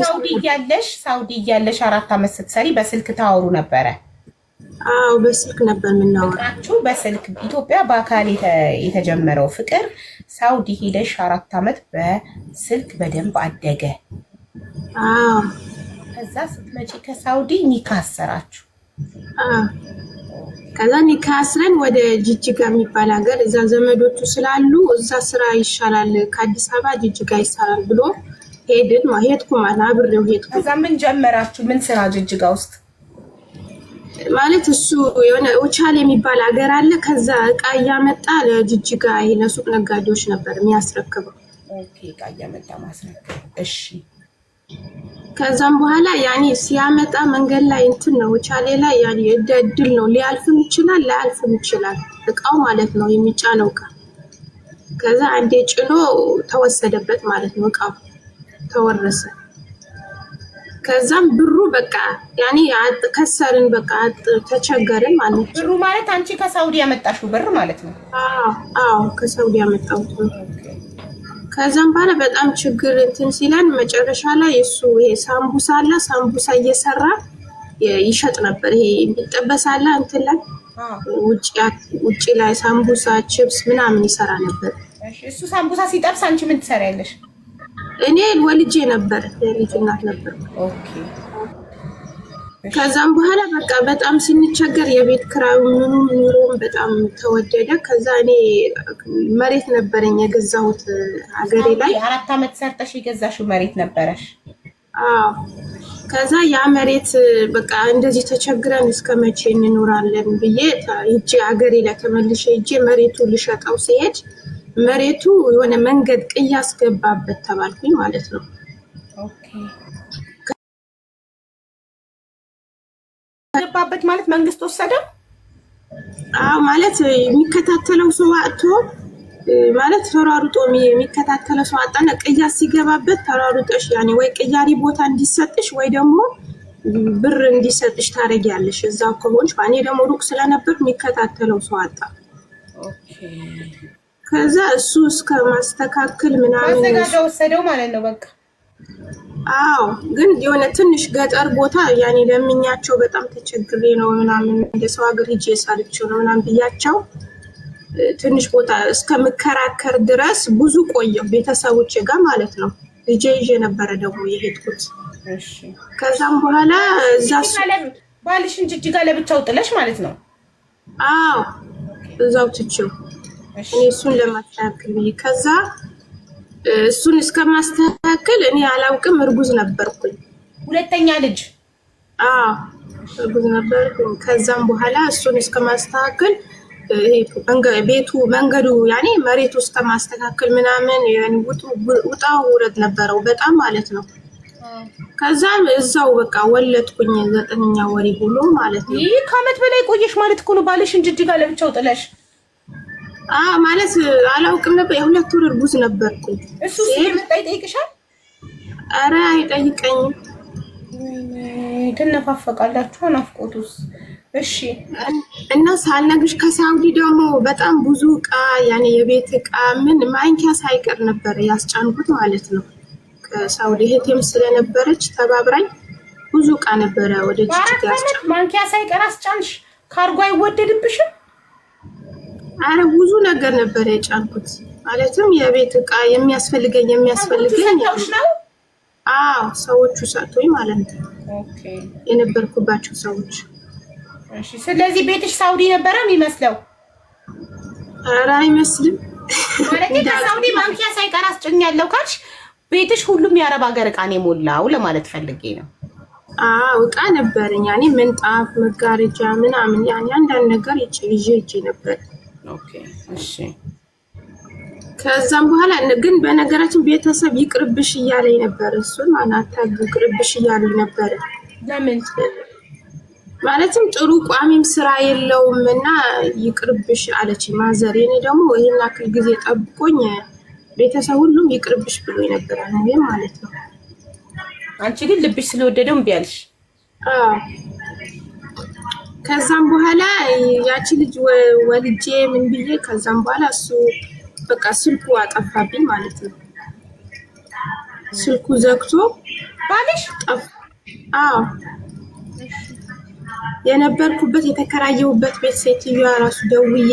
ሳውዲ እያለሽ ሳውዲ እያለሽ አራት አመት ስትሰሪ በስልክ ታወሩ ነበረ? አዎ በስልክ ነበር የምናወራችሁ። በስልክ ኢትዮጵያ በአካል የተጀመረው ፍቅር ሳውዲ ሄደሽ አራት አመት በስልክ በደንብ አደገ። ከዛ ስትመጪ ከሳውዲ ኒካ አሰራችሁ። ከዛ ኒካ አስረን ወደ ጅጅጋ የሚባል ሀገር እዛ ዘመዶቹ ስላሉ እዛ ስራ ይሻላል ከአዲስ አበባ ጅጅጋ ይሰራል ብሎ ሄድን ሄድኩ ማለት አብሬው ሄድኩ። ከዛ ምን ጀመራችሁ? ምን ስራ ጅጅጋ ውስጥ ማለት እሱ የሆነ ኦቻል የሚባል ሀገር አለ። ከዛ እቃ እያመጣ ለጅጅጋ የነሱቅ ነጋዴዎች ነበር የሚያስረክበው። እቃ እያመጣ ማስረክብ። እሺ። ከዛም በኋላ ያኔ ሲያመጣ መንገድ ላይ እንትን ነው ቻሌ ላይ ያኔ እንደ እድል ነው። ሊያልፍም ይችላል ላያልፍም ይችላል እቃው ማለት ነው የሚጫነው እቃ። ከዛ አንዴ ጭኖ ተወሰደበት ማለት ነው እቃው ተወረሰ። ከዛም ብሩ በቃ ያኔ ከሰርን በቃ ተቸገርን ማለት ነው። ብሩ ማለት አንቺ ከሳውዲ ያመጣሽው ብር ማለት ነው? አዎ ከሳውዲ ያመጣሁት ነው። ከዛም በኋላ በጣም ችግር እንትን ሲለን መጨረሻ ላይ እሱ ይሄ ሳምቡሳ አለ ሳምቡሳ እየሰራ ይሸጥ ነበር። ይሄ የሚጠበስ አለ እንትን ላይ ውጭ ላይ ሳምቡሳ፣ ችፕስ ምናምን ይሰራ ነበር። እሱ ሳምቡሳ ሲጠብስ አንቺ ምን ትሰሪያለሽ? እኔ ወልጄ ነበር፣ የልጅ እናት ነበር። ከዛም በኋላ በቃ በጣም ስንቸገር የቤት ክራዩ ምኑ ኑሮም በጣም ተወደደ። ከዛ እኔ መሬት ነበረኝ የገዛሁት ሀገሬ ላይ አራት ዓመት ሰርተሽ የገዛሽው መሬት ነበረሽ። ከዛ ያ መሬት በቃ እንደዚህ ተቸግረን እስከ መቼ እንኖራለን ብዬ እጄ ሀገሬ ላይ ተመልሼ እጄ መሬቱ ልሸጠው ሲሄድ መሬቱ የሆነ መንገድ ቅያ ገባበት ተባልኩኝ ማለት ነው። ገባበት ማለት መንግስት ወሰደ። አዎ ማለት የሚከታተለው ሰው አጥቶ ማለት ተሯሩጦ የሚከታተለው ሰው አጣና ቅያ ሲገባበት ተሯሩጠሽ ያኔ ወይ ቅያሪ ቦታ እንዲሰጥሽ ወይ ደግሞ ብር እንዲሰጥሽ ታደርጊያለሽ። እዛው ከሆንሽ እኔ ደግሞ ሩቅ ስለነበር የሚከታተለው ሰው አጣ። ከዛ እሱ እስከ ማስተካከል ምናምን ማዘጋጃ ወሰደው ማለት ነው በቃ አዎ ግን የሆነ ትንሽ ገጠር ቦታ ያኔ ለምኛቸው በጣም ተቸግሬ ነው ምናምን እንደ ሰው ሀገር ሂጅ የሳልቸው ነው ምናምን ብያቸው ትንሽ ቦታ እስከምከራከር ድረስ ብዙ ቆየው ቤተሰቦች ጋር ማለት ነው። ልጄ ይዤ ነበረ ደግሞ የሄድኩት። ከዛም በኋላ እዛ ባልሽን ጅጅጋ ለብቻው ጥለሽ ማለት ነው? አዎ እዛው ትችው እኔ እሱን ለማስተካከል ብዬ ከዛ እሱን እስከማስተካከል እኔ አላውቅም። እርጉዝ ነበርኩኝ። ሁለተኛ ልጅ እርጉዝ ነበርኩኝ። ከዛም በኋላ እሱን እስከማስተካከል ቤቱ መንገዱ ያኔ መሬቱ እስከማስተካከል ምናምን ውጣ ውረድ ነበረው በጣም ማለት ነው። ከዛም እዛው በቃ ወለድኩኝ። ዘጠነኛ ወሬ ማለት ነው። ይህ ከአመት በላይ ቆየሽ ማለት እኮ ነው። ለብቻው ጥለሽ ማለት አላውቅም ነበር። የሁለት ወር እርጉዝ ነበርኩ። እሱ ሲመጣ ይጠይቅሻል? አረ አይጠይቀኝም። ትነፋፈቃላችሁ። ናፍቆቱስ? እሺ እና ሳልነግርሽ ከሳውዲ ደግሞ በጣም ብዙ እቃ ያኔ የቤት እቃ ምን ማንኪያ ሳይቀር ነበር ያስጫንኩት ማለት ነው። ከሳውዲ እህቴም ስለነበረች ተባብራኝ ብዙ እቃ ነበረ ወደ ጅጅጋ ማንኪያ ሳይቀር አስጫንሽ። ካርጎ አይወደድብሽም? አረ ብዙ ነገር ነበር የጫንኩት። ማለትም የቤት እቃ የሚያስፈልገኝ የሚያስፈልገኝ አዎ፣ ሰዎቹ ሰጡኝ ማለት ነው። የነበርኩባቸው ሰዎች። ስለዚህ ቤትሽ ሳውዲ ነበረ የሚመስለው? አረ አይመስልም። ማለት ከሳውዲ ማንኪያ ሳይቀር አስጭኛለሁ ካልሽ ቤትሽ ሁሉም የአረብ ሀገር እቃ ነው የሞላው ለማለት ፈልጌ ነው። አዎ እቃ ነበረኝ ያኔ ምንጣፍ፣ መጋረጃ ምናምን ያኔ አንዳንድ ነገር ይዤ ይዤ ነበር እሺ። ከዛም በኋላ ግን በነገራችን ቤተሰብ ይቅርብሽ እያለ ነበር። እሱን ማናታ ይቅርብሽ ነበር። ለምን ማለትም ጥሩ ቋሚም ስራ የለውም እና ይቅርብሽ አለች ማዘር። እኔ ደግሞ ይህን ያክል ጊዜ ጠብቆኝ ቤተሰብ ሁሉም ይቅርብሽ ብሎ ነበር ማለት ነው። አንቺ ግን ልብሽ ስለወደደው እምቢ አለሽ። ከዛም በኋላ ያቺ ልጅ ወልጄ ምን ብዬ ከዛም በኋላ እሱ በቃ ስልኩ አጠፋብኝ ማለት ነው። ስልኩ ዘግቶ ባልሽ ጠፋ። አዎ የነበርኩበት የተከራየሁበት ቤት ሴትዮዋ ራሱ ደውዬ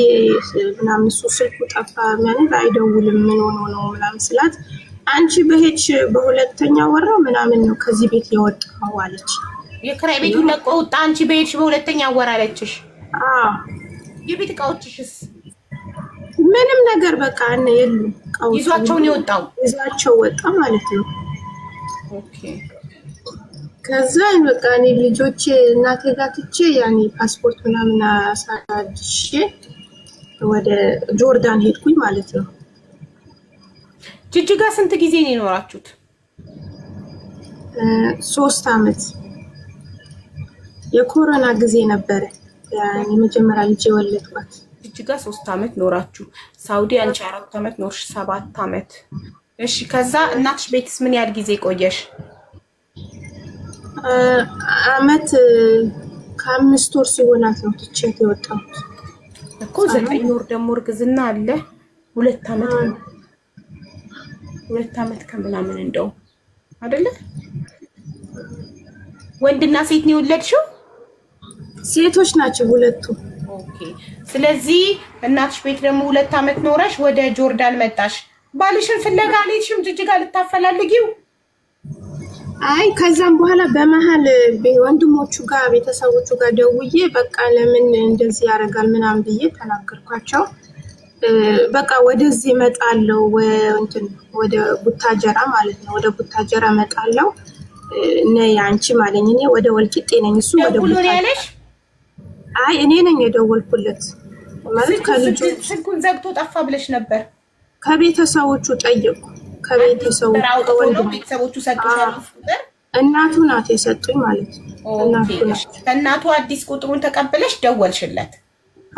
ምናምን እሱ ስልኩ ጠፋ ምን አይደውልም ምን ሆኖ ነው ምናምን ስላት አንቺ በሄች በሁለተኛ ወራ ምናምን ነው ከዚህ ቤት የወጣው አለች። የክራይ ቤቱን ለቆ ወጣ። አንቺ በሄድሽ በሁለተኛ ወር አለችሽ። የቤት እቃዎችሽስ ምንም ነገር በቃ እነ የሉም። ይዟቸው ነው የወጣው። ይዟቸው ወጣ ማለት ነው። ኦኬ ከዛ በቃ እኔ ልጆቼ እናቴ ጋር ትቼ ያኔ ፓስፖርት ምናምን አሳድሼ ወደ ጆርዳን ሄድኩኝ ማለት ነው። ጅጅጋ ስንት ጊዜ ነው የኖራችሁት? ሶስት አመት የኮሮና ጊዜ ነበረ የመጀመሪያ ልጅ የወለድኳት። እጅጋ ሶስት አመት ኖራችሁ ሳውዲ፣ አንቺ አራት አመት ኖርሽ፣ ሰባት አመት እሺ። ከዛ እናትሽ ቤትስ ምን ያህል ጊዜ ቆየሽ? አመት ከአምስት ወር ሲሆናት ነው ትቼት የወጣሁት እኮ። ዘጠኝ ወር ደግሞ እርግዝና አለ። ሁለት አመት ሁለት ዓመት ከምናምን እንደው አይደለ? ወንድና ሴት ነው የወለድሽው? ሴቶች ናቸው ሁለቱ። ስለዚህ እናትሽ ቤት ደግሞ ሁለት ዓመት ኖረሽ ወደ ጆርዳን መጣሽ። ባልሽን ፍለጋ አልሄድሽም? ጅጅጋ ልታፈላልጊው? አይ ከዛም በኋላ በመሀል ወንድሞቹ ጋር ቤተሰቦቹ ጋር ደውዬ በቃ ለምን እንደዚህ ያደርጋል ምናምን ብዬ ተናገርኳቸው። በቃ ወደዚህ እመጣለሁ ወደ ቡታጀራ ማለት ነው። ወደ ቡታጀራ እመጣለሁ ነይ አንቺ ማለኝ። እኔ ወደ ወልቂጤ ነኝ፣ እሱ ወደ ቡታጀራ አይ እኔ ነኝ የደወልኩለት። ማለት ስልኩን ዘግቶ ጠፋ ብለሽ ነበር። ከቤተሰቦቹ ጠየቁ። ከቤተሰቦቹ እናቱ ናት የሰጡኝ ማለት ነው። ከእናቱ አዲስ ቁጥሩን ተቀብለሽ ደወልሽለት?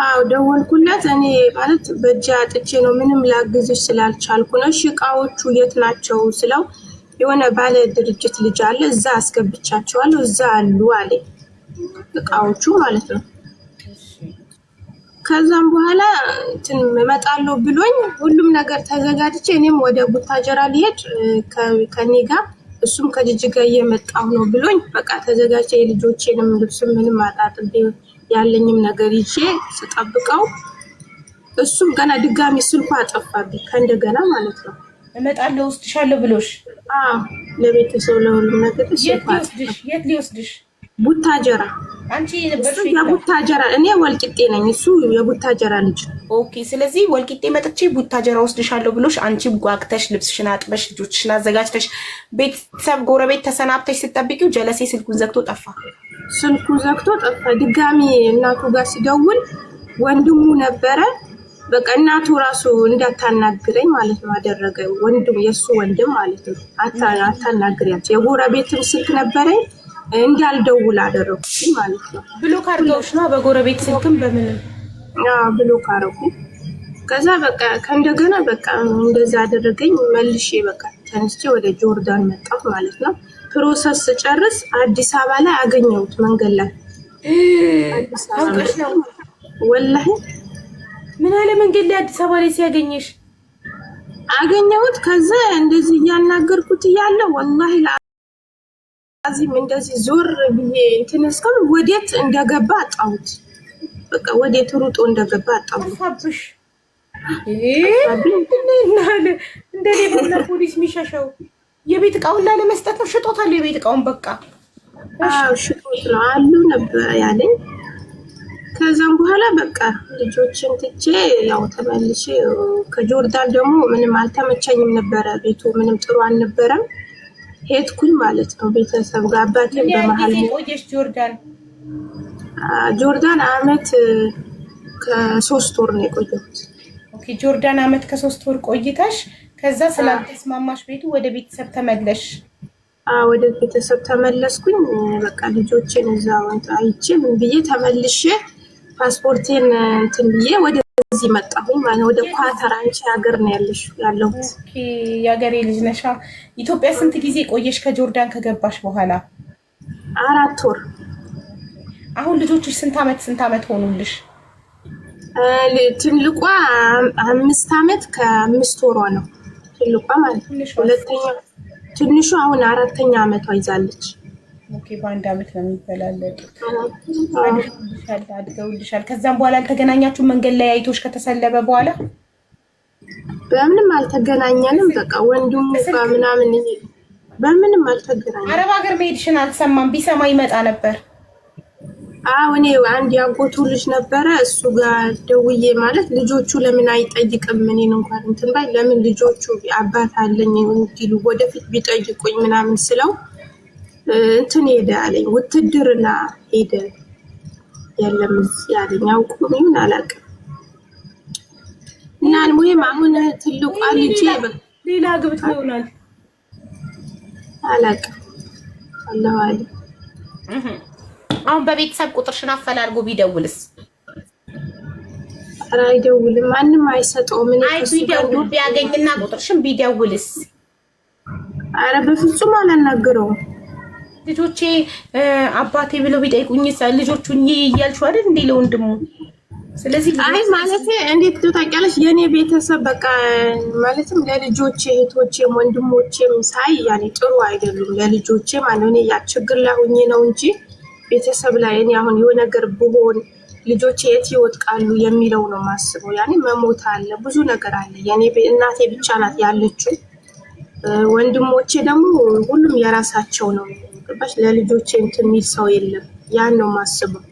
አዎ ደወልኩለት። እኔ ማለት በእጅ አጥቼ ነው ምንም ላግዝሽ ስላልቻልኩ ነው። እሺ እቃዎቹ የት ናቸው ስለው የሆነ ባለ ድርጅት ልጅ አለ እዛ አስገብቻቸዋለሁ እዛ አሉ አለ እቃዎቹ ማለት ነው። ከዛም በኋላ እንትን እመጣለሁ ብሎኝ ሁሉም ነገር ተዘጋጅቼ እኔም ወደ ቡታጀራ ሊሄድ ከኔ ጋር እሱም ከጅጅ ጋር እየመጣሁ ነው ብሎኝ በቃ ተዘጋጅቼ የልጆቼንም ልብስ ምንም አጣጥቤ ያለኝም ነገር ይዤ ስጠብቀው እሱም ገና ድጋሚ ስልኩ አጠፋብኝ ከእንደገና ማለት ነው። እመጣለሁ ወስድሻለሁ ብሎሽ ለቤተሰብ ለሁሉም ነገር የት ሊወስድሽ ቡታጀራ አንቺ የቡታጀራ እኔ ወልቂጤ ነኝ እሱ የቡታጀራ ልጅ ኦኬ ስለዚህ ወልቂጤ መጥቼ ቡታጀራ ወስድሻለሁ ብሎሽ አንቺ ጓግተሽ ልብስሽን አጥበሽ ልጆችሽን አዘጋጅተሽ ቤተሰብ ጎረቤት ተሰናብተሽ ስጠብቂው ጀለሴ ስልኩን ዘግቶ ጠፋ ስልኩ ዘግቶ ጠፋ ድጋሚ እናቱ ጋር ሲደውል ወንድሙ ነበረ በቃ እናቱ ራሱ እንዳታናግረኝ ማለት ነው አደረገ ወንድም የእሱ ወንድም ማለት ነው አታናግሪያቸው የጎረቤትም ስልክ ነበረኝ እንዳልደውል አደረኩ ማለት ነው። ብሎክ አድርገውሽ ነው? በጎረቤት ስልክም በምንም ብሎክ አደረጉ። ከዛ በቃ ከእንደገና በቃ እንደዛ አደረገኝ። መልሼ በቃ ተነስቼ ወደ ጆርዳን መጣሁ ማለት ነው። ፕሮሰስ ስጨርስ አዲስ አበባ ላይ አገኘሁት መንገድ ላይ ወላሂ ምን አለ መንገድ ላይ አዲስ አበባ ላይ ሲያገኘሽ አገኘሁት። ከዛ እንደዚህ እያናገርኩት እያለ ወላሂ እዚህም እንደዚህ ዞር ብዬ እንትን እስካሁን ወዴት እንደገባ አጣሁት። በቃ ወዴት ሩጦ እንደገባ አጣሁት። እንደ ሌባና ፖሊስ የሚሸሸው የቤት እቃውን ላለመስጠት ነው። ሽጦታል። የቤት እቃውን በቃ ሽጦት ነው አሉ ነበር ያለኝ። ከዛም በኋላ በቃ ልጆችን ትቼ ያው ተመልሼ ከጆርዳን ደግሞ ምንም አልተመቸኝም ነበረ። ቤቱ ምንም ጥሩ አልነበረም። ሄድኩኝ ማለት ነው ቤተሰብ ጋር አባቴን በመሀል ቆየሽ ጆርዳን ጆርዳን አመት ከሶስት ወር ነው የቆየሁት ጆርዳን አመት ከሶስት ወር ቆይታሽ ከዛ ስላልተስማማሽ ቤቱ ወደ ቤተሰብ ተመለሽ ወደ ቤተሰብ ተመለስኩኝ በቃ ልጆቼን እዛ አይቼ ምን ብዬ ተመልሼ ፓስፖርቴን እንትን ብዬ ወደ እዚህ መጣሁ። ወደ ኳተር አንቺ ሀገር ነው ያለሽ ያለሁት። የሀገሬ ልጅ ነሻ። ኢትዮጵያ ስንት ጊዜ ቆየሽ ከጆርዳን ከገባሽ በኋላ? አራት ወር። አሁን ልጆችሽ ስንት አመት ስንት አመት ሆኑልሽ? ትልቋ አምስት አመት ከአምስት ወሯ ነው ትልቋ ማለት ሁለተኛ ትንሹ አሁን አራተኛ አመቷ ይዛለች። ኦኬ በአንድ አመት ነው የሚበላለጡት። አድገውልሻል። ከዛም በኋላ አልተገናኛችሁ? መንገድ ላይ አይቶሽ ከተሰለበ በኋላ በምንም አልተገናኘንም። በቃ ወንድሙ ጋር ምናምን በምንም አልተገናኘንም። አረብ ሀገር መሄድሽን አልሰማም። ቢሰማ ይመጣ ነበር። አዎ እኔ አንድ ያጎቱ ልጅ ነበረ፣ እሱ ጋር ደውዬ ማለት ልጆቹ ለምን አይጠይቅም? እኔን እንኳን እንትን ባይ ለምን ልጆቹ አባት አለኝ እንዲሉ ወደፊት ቢጠይቁኝ ምናምን ስለው እንትን ሄደ አለኝ፣ ውትድርና ሄደ የለም እዚህ አለኝ። አውቁም ይሁን አላውቅም። እና ወይም አሁን ትልቋ ልጄ ሌላ ግብት ይሆናል አላውቅም። አላሁ አለ አሁን በቤተሰብ ቁጥርሽን አፈላልጎ ቢደውልስ? ኧረ አይደውልም፣ ማንም አይሰጠውም። እኔ አይቱ ቢያገኝና ቁጥርሽን ቢደውልስ? አረ በፍጹም አላናግረውም። ልጆቼ አባቴ ብለው ቢጠይቁኝ ልጆቹ እያልሽ አይደል እንዴ ለወንድሙ ስለዚህ አይ ማለት እንዴት ታውቂያለሽ፣ የኔ ቤተሰብ በቃ ማለትም ለልጆቼ እህቶቼም ወንድሞቼም ሳይ ያኔ ጥሩ አይደሉም። ለልጆቼ ማለት እኔ ያ ችግር ላይ ሆኜ ነው እንጂ ቤተሰብ ላይ እኔ አሁን የሆነ ነገር ብሆን ልጆቼ የት ይወጥቃሉ የሚለው ነው ማስበው። ያኔ መሞት አለ፣ ብዙ ነገር አለ። የኔ እናቴ ብቻ ናት ያለችው። ወንድሞቼ ደግሞ ሁሉም የራሳቸው ነው ገባሽ? ለልጆቼ እንትን የሚል ሰው የለም። ያን ነው ማስበው።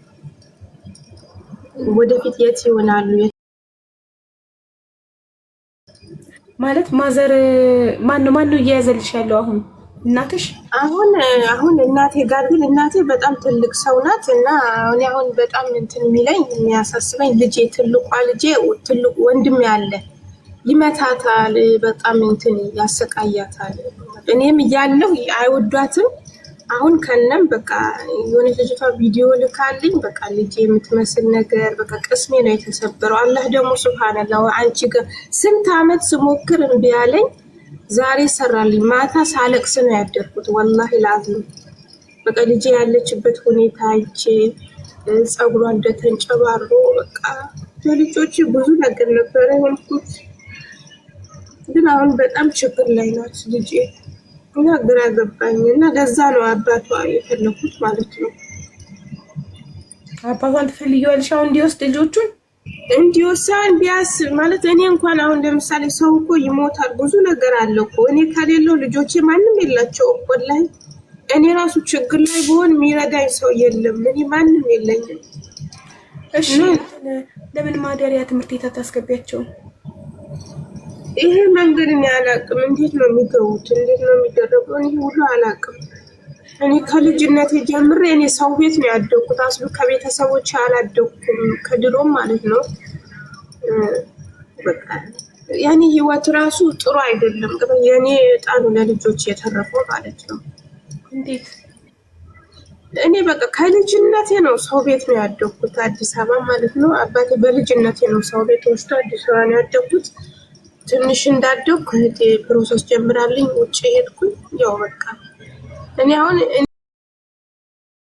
ወደፊት የት ይሆናሉ ማለት ማዘር ማን ማን ነው እያያዘልሽ ያለው አሁን? እናትሽ አሁን አሁን እናቴ ጋር ግን እናቴ በጣም ትልቅ ሰው ናት እና አሁን አሁን በጣም እንትን የሚለኝ የሚያሳስበኝ ልጄ ትልቋ ልጄ ትልቁ ወንድም ያለ ይመታታል። በጣም እንትን ያሰቃያታል። እኔም እያለሁ አይወዷትም አሁን ከነም በቃ የሆነች ልጅቷ ቪዲዮ ልካልኝ በቃ ልጅ የምትመስል ነገር በቃ ቅስሜ ነው የተሰበረው። አላህ ደግሞ ስብሓንላ አንቺ ጋር ስንት አመት ስሞክር እምቢ አለኝ። ዛሬ ሰራልኝ። ማታ ሳለቅስ ነው ያደርኩት። ወላሂ ላዝም በቃ ልጅ ያለችበት ሁኔታ አይቼ ጸጉሯ እንደተንጨባሮ በቃ ለልጆች ብዙ ነገር ነበረ ያልኩት፣ ግን አሁን በጣም ችግር ላይ ናት ልጄ። እና ግራ ገባኝ እና ለዛ ነው አባቷ የፈለኩት ማለት ነው። አባቷን ትፈልጊዋለሽ አሁን እንዲወስድ ልጆቹን እንዲወሳን ቢያስብ ማለት እኔ እንኳን አሁን ለምሳሌ ሰው እኮ ይሞታል፣ ብዙ ነገር አለ እኮ እኔ ከሌለው ልጆቼ ማንም የላቸው እኮ ላይ እኔ ራሱ ችግር ላይ ብሆን የሚረዳኝ ሰው የለም። እኔ ማንም የለኝም። እሺ ለምን ማደሪያ ትምህርት ቤት አታስገቢያቸውም? ይሄ መንገድ እኔ አላቅም እንዴት ነው የሚገቡት? እንዴት ነው የሚደረገው? እኔ ሁሉ አላቅም እኔ ከልጅነት ጀምሬ እኔ ሰው ቤት ነው ያደግኩት። አስቡ ከቤተሰቦች አላደግኩም፣ ከድሮም ማለት ነው። በቃ ያኔ ህይወት ራሱ ጥሩ አይደለም። የእኔ እጣ ለልጆች የተረፈው ማለት ነው። እንዴት እኔ በቃ ከልጅነቴ ነው ሰው ቤት ነው ያደግኩት፣ አዲስ አበባ ማለት ነው። አባቴ በልጅነቴ ነው ሰው ቤት ወስዶ አዲስ አበባ ነው ያደግኩት። ትንሽ እንዳደግኩ እህቴ ፕሮሰስ ጀምራልኝ ውጭ ሄድኩኝ። ያው በቃ እኔ አሁን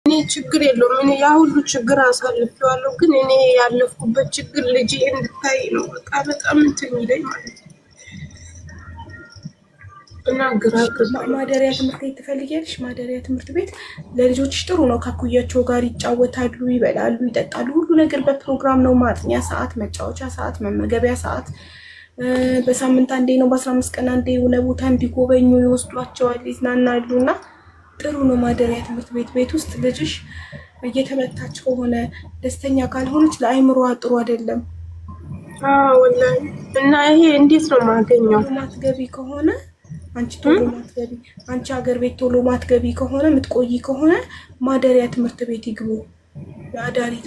እኔ ችግር የለውም። እኔ ያ ሁሉ ችግር አሳልፌዋለሁ። ግን እኔ ያለፍኩበት ችግር ልጅ እንድታይ ነው። በቃ በጣም እንትን ይለኝ ማለት ነው እና ግራ ማደሪያ ትምህርት ቤት ትፈልጊያለሽ? ማደሪያ ትምህርት ቤት ለልጆች ጥሩ ነው። ከኩያቸው ጋር ይጫወታሉ፣ ይበላሉ፣ ይጠጣሉ። ሁሉ ነገር በፕሮግራም ነው። ማጥኛ ሰዓት፣ መጫወቻ ሰዓት፣ መመገቢያ ሰዓት በሳምንት አንዴ ነው፣ በአስራ አምስት ቀን አንዴ የሆነ ቦታ እንዲጎበኙ ይወስዷቸዋል፣ ይዝናናሉ። እና ጥሩ ነው ማደሪያ ትምህርት ቤት። ቤት ውስጥ ልጅሽ እየተመታች ከሆነ ደስተኛ ካልሆነች ለአይምሮዋ ጥሩ አይደለም። እና ይሄ እንዴት ነው ማገኘው? ማትገቢ ከሆነ አንቺ ቶሎ ማትገቢ አንቺ ሀገር ቤት ቶሎ ማትገቢ ከሆነ የምትቆይ ከሆነ ማደሪያ ትምህርት ቤት ይግቡ።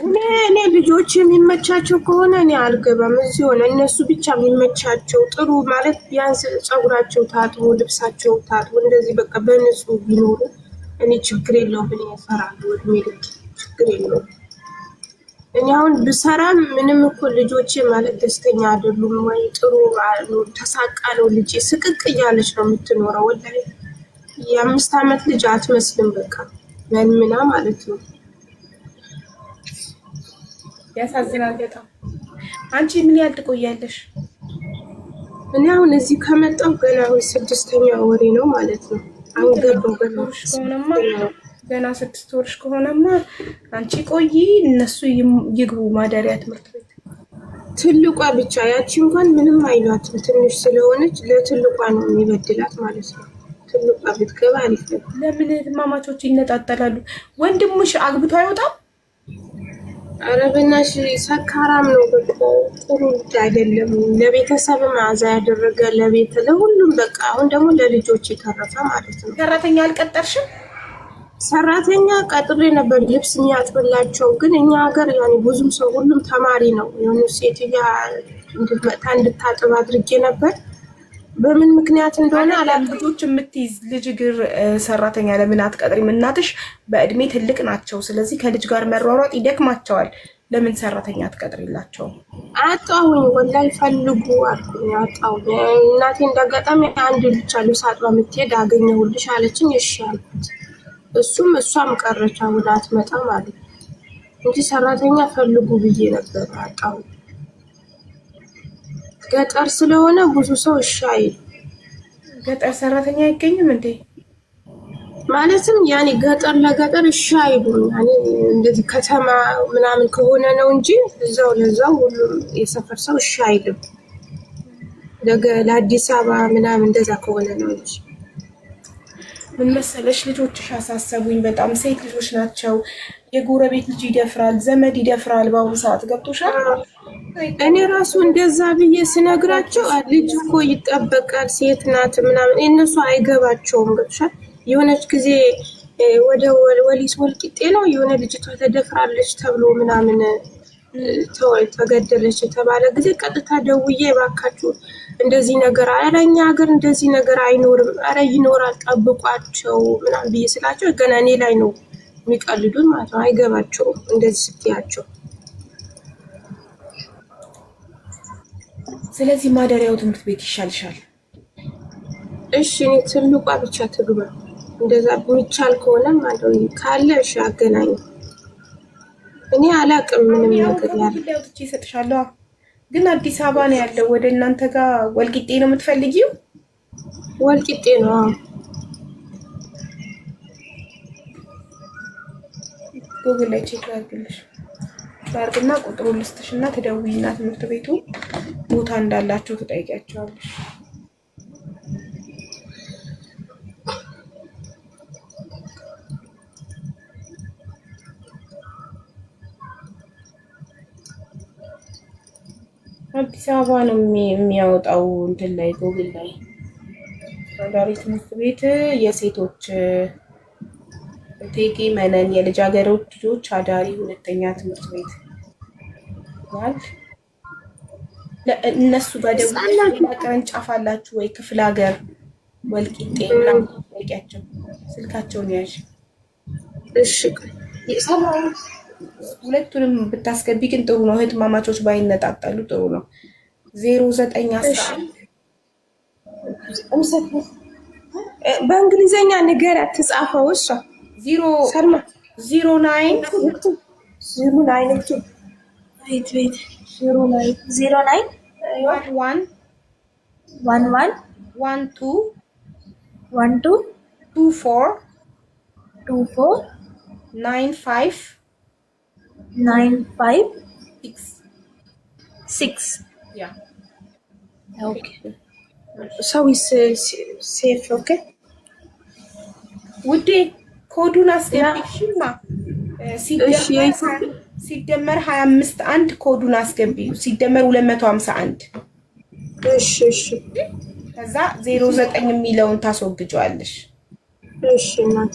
እኔ ልጆች የሚመቻቸው ከሆነ እኔ አልገባም። እዚህ ሆነ እነሱ ብቻ የሚመቻቸው ጥሩ ማለት ቢያንስ ፀጉራቸው ታጥቦ ልብሳቸው ታጥቦ እንደዚህ በቃ በንጹህ ቢኖሩ እኔ ችግር የለውም። እኔ እሰራለሁ፣ እድሜ ልክ ችግር የለውም። እኔ አሁን ብሰራም ምንም እኮ ልጆቼ ማለት ደስተኛ አይደሉም ወይ ጥሩ ተሳቃ ነው ልጄ ስቅቅ እያለች ነው የምትኖረው። ወላሂ የአምስት ዓመት ልጅ አትመስልም። በቃ መንምና ማለት ነው ያሳዝናል በጣም። አንቺ ምን ያህል ትቆያለሽ? እኔ አሁን እዚህ ከመጣሁ ገና ስድስተኛ ወሬ ነው ማለት ነው። አሁን ገባሁ ገና ገና ስድስት ወርሽ ከሆነማ አንቺ ቆይ፣ እነሱ ይግቡ ማደሪያ ትምህርት ቤት። ትልቋ ብቻ ያቺ እንኳን ምንም አይሏትም ትንሽ ስለሆነች ለትልቋ ነው የሚበድላት ማለት ነው። ትልቋ ብትገባ አሪፍ ነው። ለምን ህትማማቾች ይነጣጠላሉ? ወንድሙሽ አግብቶ አይወጣም? ኧረ በእናትሽ ሰካራም ነው። በቃ ጥሩ አይደለም። ለቤተሰብ አዛ ያደረገ ለቤት ለሁሉም በቃ አሁን ደግሞ ለልጆች የተረፈ ማለት ነው። ሰራተኛ አልቀጠርሽም? ሰራተኛ ቀጥሬ ነበር ልብስ የሚያጥብላቸው። ግን እኛ ሀገር ያኔ ብዙም ሰው ሁሉም ተማሪ ነው። የሆኑ ሴትያ እንድትመጣ እንድታጥብ አድርጌ ነበር በምን ምክንያት እንደሆነ ልጆች የምትይዝ ልጅ ግር ሰራተኛ ለምን አትቀጥሪም? እናትሽ በእድሜ ትልቅ ናቸው። ስለዚህ ከልጅ ጋር መሯሯጥ ይደክማቸዋል። ለምን ሰራተኛ አትቀጥሪላቸው? አጣሁኝ ወላሂ ፈልጉ አልኩኝ። አጣሁ። እናቴ እንዳጋጣሚ አንድ ልጅ አሉ ሳጧ የምትሄድ አገኘሁልሽ አለችኝ። እሺ አልኩት። እሱም እሷም ቀረች። አሁን አትመጣም አለ እንጂ ሰራተኛ ፈልጉ ብዬ ነበር። አጣሁኝ ገጠር ስለሆነ ብዙ ሰው እሺ ገጠር ሰራተኛ አይገኝም እንዴ? ማለትም ያኔ ገጠር ለገጠር እሺ አይሉም። ያኔ እንደዚህ ከተማ ምናምን ከሆነ ነው እንጂ እዛው ለዛው ሁሉም የሰፈር ሰው እሺ አይልም። ለአዲስ አበባ ምናምን እንደዛ ከሆነ ነው እንጂ ምን መሰለሽ ልጆችሽ አሳሰቡኝ በጣም ሴት ልጆች ናቸው። የጎረቤት ልጅ ይደፍራል፣ ዘመድ ይደፍራል። በአሁኑ ሰዓት ገብቶሻል። እኔ ራሱ እንደዛ ብዬ ስነግራቸው ልጅ እኮ ይጠበቃል፣ ሴት ናት ምናምን እነሱ አይገባቸውም። ገብቶሻል። የሆነች ጊዜ ወደ ወሊስ ወልቂጤ ነው የሆነ ልጅቷ ተደፍራለች ተብሎ ምናምን ተገደለች የተባለ ጊዜ ቀጥታ ደውዬ ባካችሁ እንደዚህ ነገር አለ ሀገር እንደዚህ ነገር አይኖርም፣ አረ ይኖራል ጠብቋቸው ምናምን ብዬ ስላቸው ገና እኔ ላይ ነው የሚቀልዱን ማለት ነው። አይገባቸውም እንደዚህ ስትያቸው። ስለዚህ ማደሪያው ትምህርት ቤት ይሻልሻል። እሺ እኔ ትልቋ ብቻ ትግባ እንደዛ የሚቻል ከሆነ ማለት ነው። ካለ እሺ አገናኝ። እኔ አላቅም ምንም ነገር ያለ ይሰጥሻለሁ ግን አዲስ አበባ ነው ያለው። ወደ እናንተ ጋር ወልቂጤ ነው የምትፈልጊው? ወልቂጤ ነው። ጉግል ላይ ቼክ ላድርግልሽ ላድርግና ቁጥሩን ልስጥሽ እና ትደውይና ትምህርት ቤቱ ቦታ እንዳላቸው ትጠይቂያቸዋለሽ። አዲስ አበባ ነው የሚያወጣው እንትን ላይ ጎግል ላይ አዳሪ ትምህርት ቤት የሴቶች እቴጌ መነን የልጃገረዶች ልጆች አዳሪ ሁለተኛ ትምህርት ቤት ይላል። እነሱ በደቡብ ቅርንጫፍ አላችሁ ወይ? ክፍለ ሀገር ወልቂጤ ምናምን ስልካቸውን ያዥ እሺ ሁለቱንም ብታስገቢ ግን ጥሩ ነው። እህትማማቾች ባይነጣጠሉ ጥሩ ነው። ዜሮ ዘጠኝ በእንግሊዘኛ ንገር ያትጻፈው እሷ ዜሮ ናይን ናይን ቤት ቤት ናይን ዋን ዋን ዋን ዋን ቱ ዋን ቱ ቱ ፎር ቱ ፎር ናይን ፋይቭ ሰው ሴፍ ኦኬ። ውዴ ኮዱን አስገቢሽማ። ሲደመር ሀያ አምስት አንድ ኮዱን አስገቢው። ሲደመር ሁለት መቶ ሀምሳ አንድ ከዛ ዜሮ ዘጠኝ የሚለውን ታስወግጀዋለሽ። እሺ እናት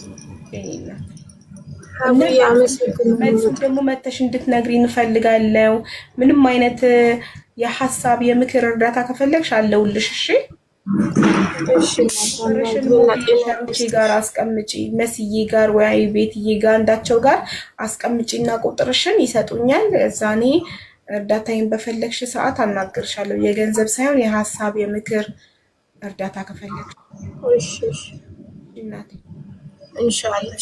ደግሞ መተሽ እንድትነግሪ እንፈልጋለው። ምንም አይነት የሀሳብ የምክር እርዳታ ከፈለግሽ አለውልሽ። እሺ ጋር አስቀምጪ፣ መስዬ ጋር ወይ ቤትዬ ጋር እንዳቸው ጋር አስቀምጪና ቁጥርሽን ይሰጡኛል። እዛ እዛኔ እርዳታዬን በፈለግሽ ሰዓት አናግርሻለሁ። የገንዘብ ሳይሆን የሀሳብ የምክር እርዳታ ከፈለግሽ ኢንሻላህ